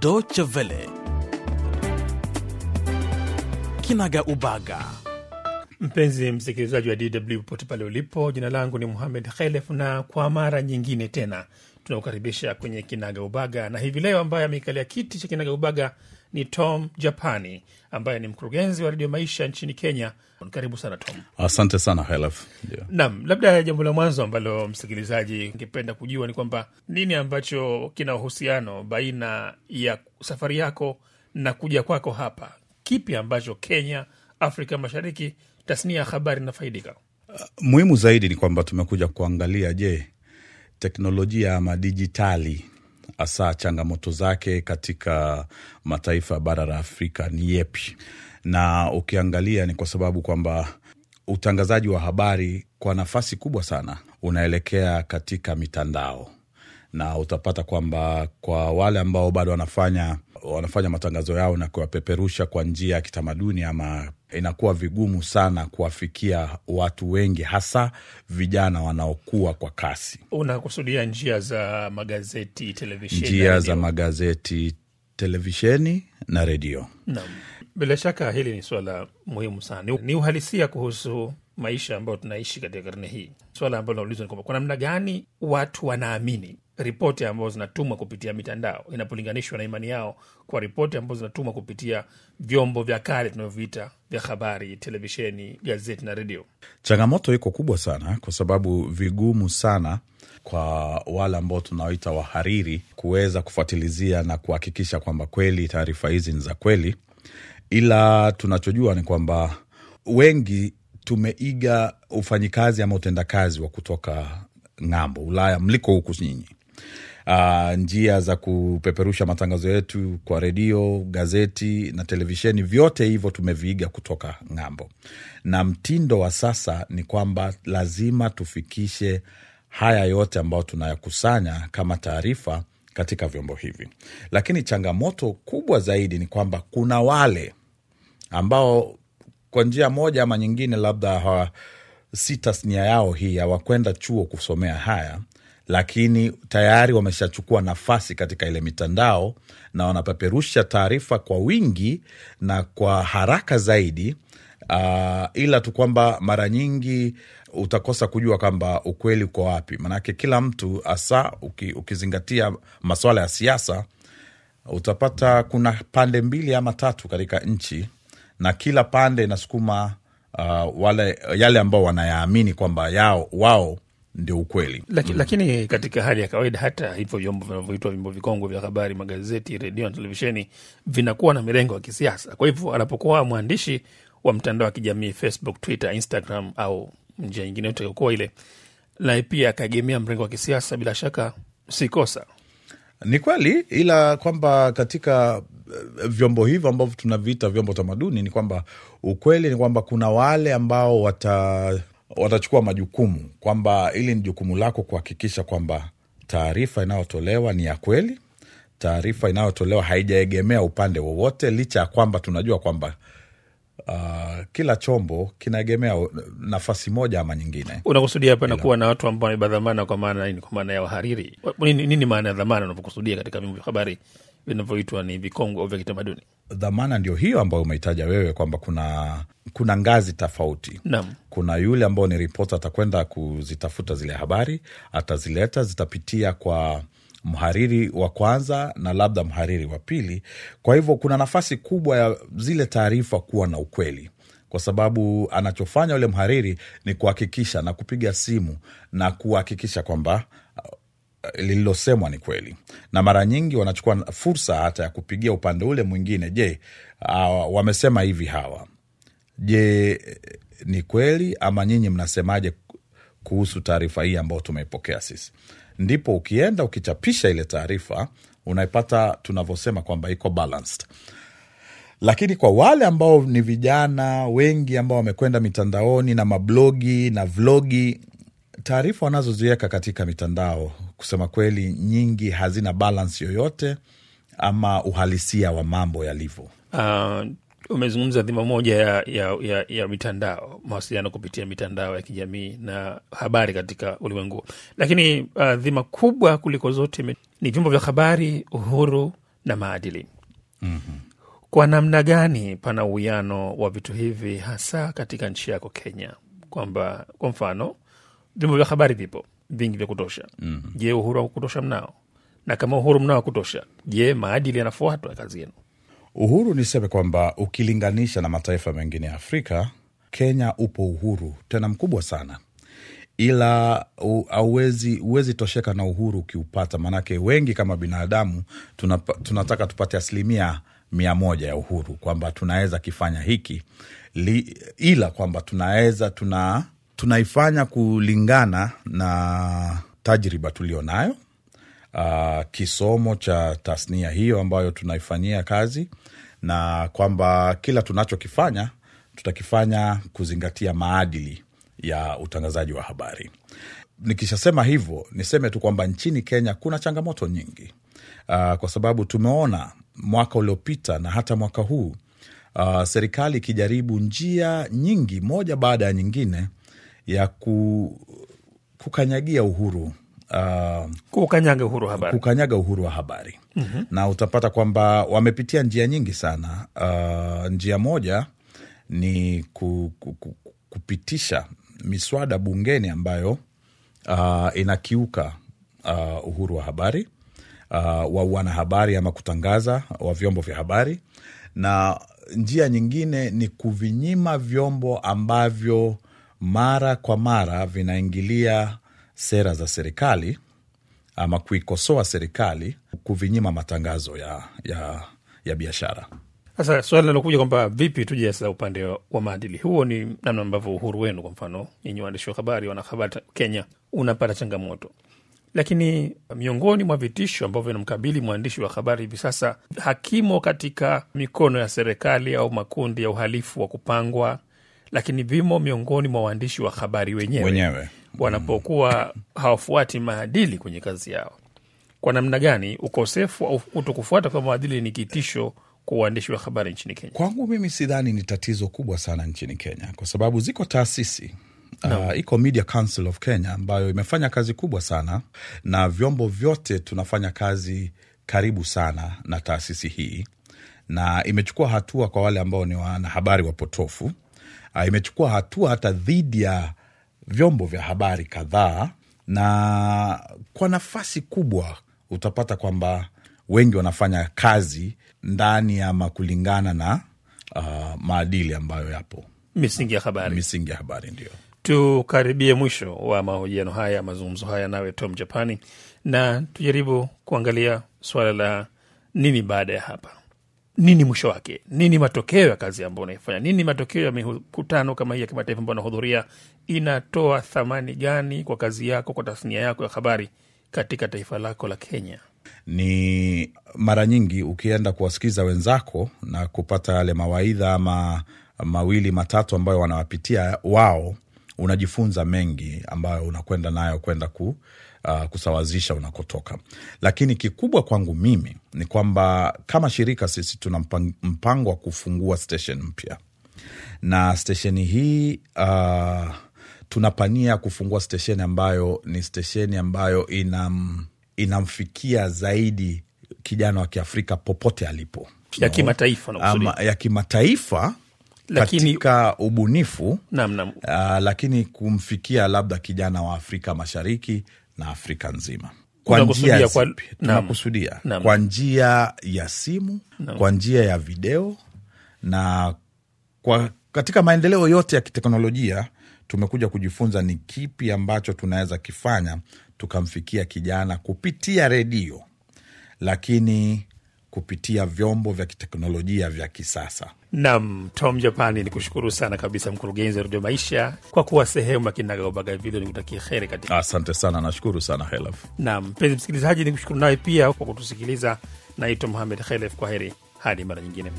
Deutsche Welle, kinaga ubaga. Mpenzi msikilizaji wa DW popote pale ulipo, jina langu ni Muhamed Khelef na kwa mara nyingine tena tunakukaribisha kwenye kinaga ubaga, na hivi leo ambaye amekalia kiti cha kinaga ubaga ni Tom Japani ambaye ni mkurugenzi wa Redio Maisha nchini Kenya. Karibu sana Tom. Asante sana Helef. Yeah. Naam, labda jambo la mwanzo ambalo msikilizaji ingependa kujua ni kwamba nini ambacho kina uhusiano baina ya safari yako na kuja kwako hapa? Kipi ambacho Kenya, Afrika Mashariki, tasnia ya habari inafaidika? Uh, muhimu zaidi ni kwamba tumekuja kuangalia, je, teknolojia ama dijitali hasa changamoto zake katika mataifa ya bara la Afrika ni yepi? Na ukiangalia ni kwa sababu kwamba utangazaji wa habari kwa nafasi kubwa sana unaelekea katika mitandao, na utapata kwamba kwa wale ambao bado wanafanya wanafanya matangazo yao na kuyapeperusha kwa njia ya kitamaduni ama inakuwa vigumu sana kuwafikia watu wengi, hasa vijana wanaokua kwa kasi. Unakusudia njia za magazeti, televisheni, njia za magazeti, televisheni na redio? bila shaka hili ni suala muhimu sana, ni uhalisia kuhusu maisha ambayo tunaishi katika karne hii. Swala ambalo naulizwa ni kwamba kwa namna gani watu wanaamini ripoti ambazo zinatumwa kupitia mitandao inapolinganishwa na imani yao kwa ripoti ambazo zinatumwa kupitia vyombo vya kale tunavyoviita vya habari, televisheni, gazeti na redio. Changamoto iko kubwa sana, kwa sababu vigumu sana kwa wale ambao tunaoita wahariri kuweza kufuatilizia na kuhakikisha kwamba kweli taarifa hizi ni za kweli, ila tunachojua ni kwamba wengi tumeiga ufanyikazi ama utendakazi wa kutoka ng'ambo Ulaya mliko huku nyinyi, uh, njia za kupeperusha matangazo yetu kwa redio, gazeti na televisheni, vyote hivyo tumeviiga kutoka ng'ambo, na mtindo wa sasa ni kwamba lazima tufikishe haya yote ambayo tunayakusanya kama taarifa katika vyombo hivi, lakini changamoto kubwa zaidi ni kwamba kuna wale ambao kwa njia moja ama nyingine, labda hawa si tasnia yao hii, hawakwenda chuo kusomea haya lakini tayari wameshachukua nafasi katika ile mitandao na wanapeperusha taarifa kwa wingi na kwa haraka zaidi. Uh, ila tu kwamba mara nyingi utakosa kujua kwamba ukweli uko wapi, manake kila mtu hasa uki, ukizingatia masuala ya siasa utapata kuna pande mbili ama tatu katika nchi na kila pande inasukuma uh, wale yale ambao wanayaamini kwamba yao wao ndio ukweli Laki, mm. Lakini katika hali ya kawaida, hata hivyo vyombo vinavyoitwa vyombo vikongwe vya habari, magazeti, redio na televisheni vinakuwa na mirengo ya kisiasa. Kwa hivyo anapokuwa mwandishi wa mtandao wa kijamii Facebook, Twitter, Instagram au njia nyingine yote yokuwa ile, naye pia akaegemea mrengo wa kisiasa, bila shaka si kosa. Ni kweli, ila kwamba katika eh, vyombo hivyo ambavyo tunaviita vyombo tamaduni, ni kwamba ukweli ni kwamba kuna wale ambao wata watachukua majukumu kwamba ili ni jukumu lako kuhakikisha kwamba taarifa inayotolewa ni ya kweli, taarifa inayotolewa haijaegemea upande wowote, licha ya kwamba tunajua kwamba Uh, kila chombo kinaegemea nafasi moja ama nyingine. Unakusudia pana kuwa na watu ambao wamebeba dhamana, kwa maana nini? Kwa maana ya wahariri. Nini maana ya dhamana unavyokusudia katika vyombo vya habari? vinavyoitwa ni vikongwe vya kitamaduni. Dhamana ndio hiyo ambayo umehitaja wewe kwamba kuna kuna ngazi tofauti. Kuna yule ambao ni ripota atakwenda kuzitafuta zile habari, atazileta, zitapitia kwa mhariri wa kwanza na labda mhariri wa pili. Kwa hivyo kuna nafasi kubwa ya zile taarifa kuwa na ukweli kwa sababu anachofanya yule mhariri ni kuhakikisha na kupiga simu na kuhakikisha kwamba lililosemwa ni kweli, na mara nyingi wanachukua fursa hata ya kupigia upande ule mwingine. Je, uh, wamesema hivi hawa, je ni kweli ama nyinyi mnasemaje kuhusu taarifa hii ambayo tumeipokea sisi? Ndipo ukienda ukichapisha ile taarifa unaipata tunavyosema kwamba iko balanced. Lakini kwa wale ambao ni vijana wengi ambao wamekwenda mitandaoni na mablogi na vlogi, taarifa wanazoziweka katika mitandao kusema kweli nyingi hazina balance yoyote ama uhalisia wa mambo yalivyo. Uh, umezungumza dhima moja ya, ya, ya, ya mitandao, mawasiliano kupitia mitandao ya kijamii na habari katika ulimwengu, lakini uh, dhima kubwa kuliko zote ni vyombo vya habari, uhuru na maadili. mm-hmm. Kwa namna gani pana uwiano wa vitu hivi hasa katika nchi yako Kenya, kwamba kwa mfano vyombo vya habari vipo vingi vya kutosha mm -hmm. Je, uhuru wa kutosha mnao? Na kama uhuru mnao wa kutosha, je, maadili yanafuatwa kazi yenu? Uhuru niseme kwamba ukilinganisha na mataifa mengine ya Afrika, Kenya upo uhuru tena mkubwa sana, ila auwezi huwezi tosheka na uhuru ukiupata, maanake wengi kama binadamu tunapa, tunataka tupate asilimia mia moja ya uhuru kwamba tunaweza kifanya hiki li, ila kwamba tunaweza tuna tunaifanya kulingana na tajriba tulionayo, uh, kisomo cha tasnia hiyo ambayo tunaifanyia kazi, na kwamba kila tunachokifanya tutakifanya kuzingatia maadili ya utangazaji wa habari. Nikishasema hivyo, niseme tu kwamba nchini Kenya kuna changamoto nyingi, uh, kwa sababu tumeona mwaka uliopita na hata mwaka huu uh, serikali ikijaribu njia nyingi moja baada ya nyingine ya ku, kukanyagia uhuru Uh, kukanyaga uhuru wa habari, kukanyaga uhuru wa habari. Mm -hmm. Na utapata kwamba wamepitia njia nyingi sana. Uh, njia moja ni ku, ku, ku, kupitisha miswada bungeni ambayo uh, inakiuka uh, uhuru wa habari uh, wa wanahabari ama kutangaza wa vyombo vya habari, na njia nyingine ni kuvinyima vyombo ambavyo mara kwa mara vinaingilia sera za serikali ama kuikosoa serikali kuvinyima matangazo ya, ya, ya biashara. Sasa swali linalokuja kwamba vipi tuje sasa upande wa maadili, huo ni namna ambavyo uhuru wenu, kwa mfano nyinyi waandishi wa habari, wanahabari Kenya, unapata changamoto lakini miongoni mwa vitisho ambavyo vinamkabili mwandishi wa habari hivi sasa hakimo katika mikono ya serikali au makundi ya uhalifu wa kupangwa lakini vimo miongoni mwa waandishi wa habari wenyewe, wenyewe wanapokuwa hawafuati maadili kwenye kazi yao. Kwa namna gani ukosefu au kutokufuata kwa maadili ni kitisho kwa uandishi wa habari nchini Kenya? Kwangu mimi sidhani ni tatizo kubwa sana nchini Kenya kwa sababu ziko taasisi No. Uh, iko Media Council of Kenya ambayo imefanya kazi kubwa sana, na vyombo vyote tunafanya kazi karibu sana na taasisi hii, na imechukua hatua kwa wale ambao ni wanahabari wapotofu uh, imechukua hatua hata dhidi ya vyombo vya habari kadhaa, na kwa nafasi kubwa utapata kwamba wengi wanafanya kazi ndani ama kulingana na uh, maadili ambayo yapo misingi ya habari, misingi ya habari ndio tukaribie mwisho wa mahojiano haya, mazungumzo haya nawe Tom Japani, na tujaribu kuangalia suala la nini baada ya hapa nini mwisho wake, nini matokeo ya kazi ambayo unaifanya, nini matokeo ya mikutano kama hii ya kimataifa ambayo unahudhuria, inatoa thamani gani kwa kazi yako, kwa tasnia yako ya habari katika taifa lako la Kenya. Ni mara nyingi ukienda kuwasikiza wenzako na kupata yale mawaidha ama mawili matatu ambayo wanawapitia wao, unajifunza mengi ambayo unakwenda nayo kwenda ku uh, kusawazisha unakotoka. Lakini kikubwa kwangu mimi ni kwamba kama shirika sisi tuna mpango wa kufungua stesheni mpya na stesheni hii uh, tunapania kufungua stesheni ambayo ni stesheni ambayo inam, inamfikia zaidi kijana wa Kiafrika popote alipo ya kimataifa ama, ya kimataifa lakini, katika ubunifu nam, nam. Uh, lakini kumfikia labda kijana wa Afrika Mashariki na Afrika nzima kwa njia tunakusudia kwa njia ya simu nam, kwa njia ya video na kwa katika maendeleo yote ya kiteknolojia tumekuja kujifunza ni kipi ambacho tunaweza kifanya tukamfikia kijana kupitia redio, lakini kupitia vyombo vya kiteknolojia vya kisasa. Nam Tom Japani, ni kushukuru sana kabisa, mkurugenzi wa Redio Maisha, kwa kuwa sehemu ya kinagaubaga video. Ni kutakia heri katika. Asante sana, nashukuru sana Helef. Nam mpenzi msikilizaji, ni kushukuru nawe pia kwa kutusikiliza. Naitwa Muhamed Helef, kwa heri hadi mara nyingine.